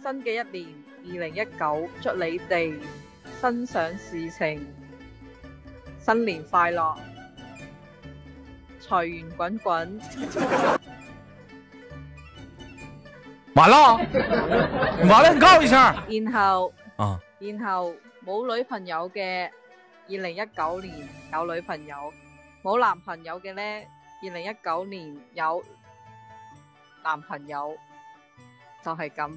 新嘅一年二零一九，祝你哋心想事成，新年快樂，財源滾滾。完啦！完啦！你告我一聲。然後，啊，然後冇女朋友嘅二零一九年有女朋友，冇男朋友嘅咧，二零一九年有男朋友，就係咁。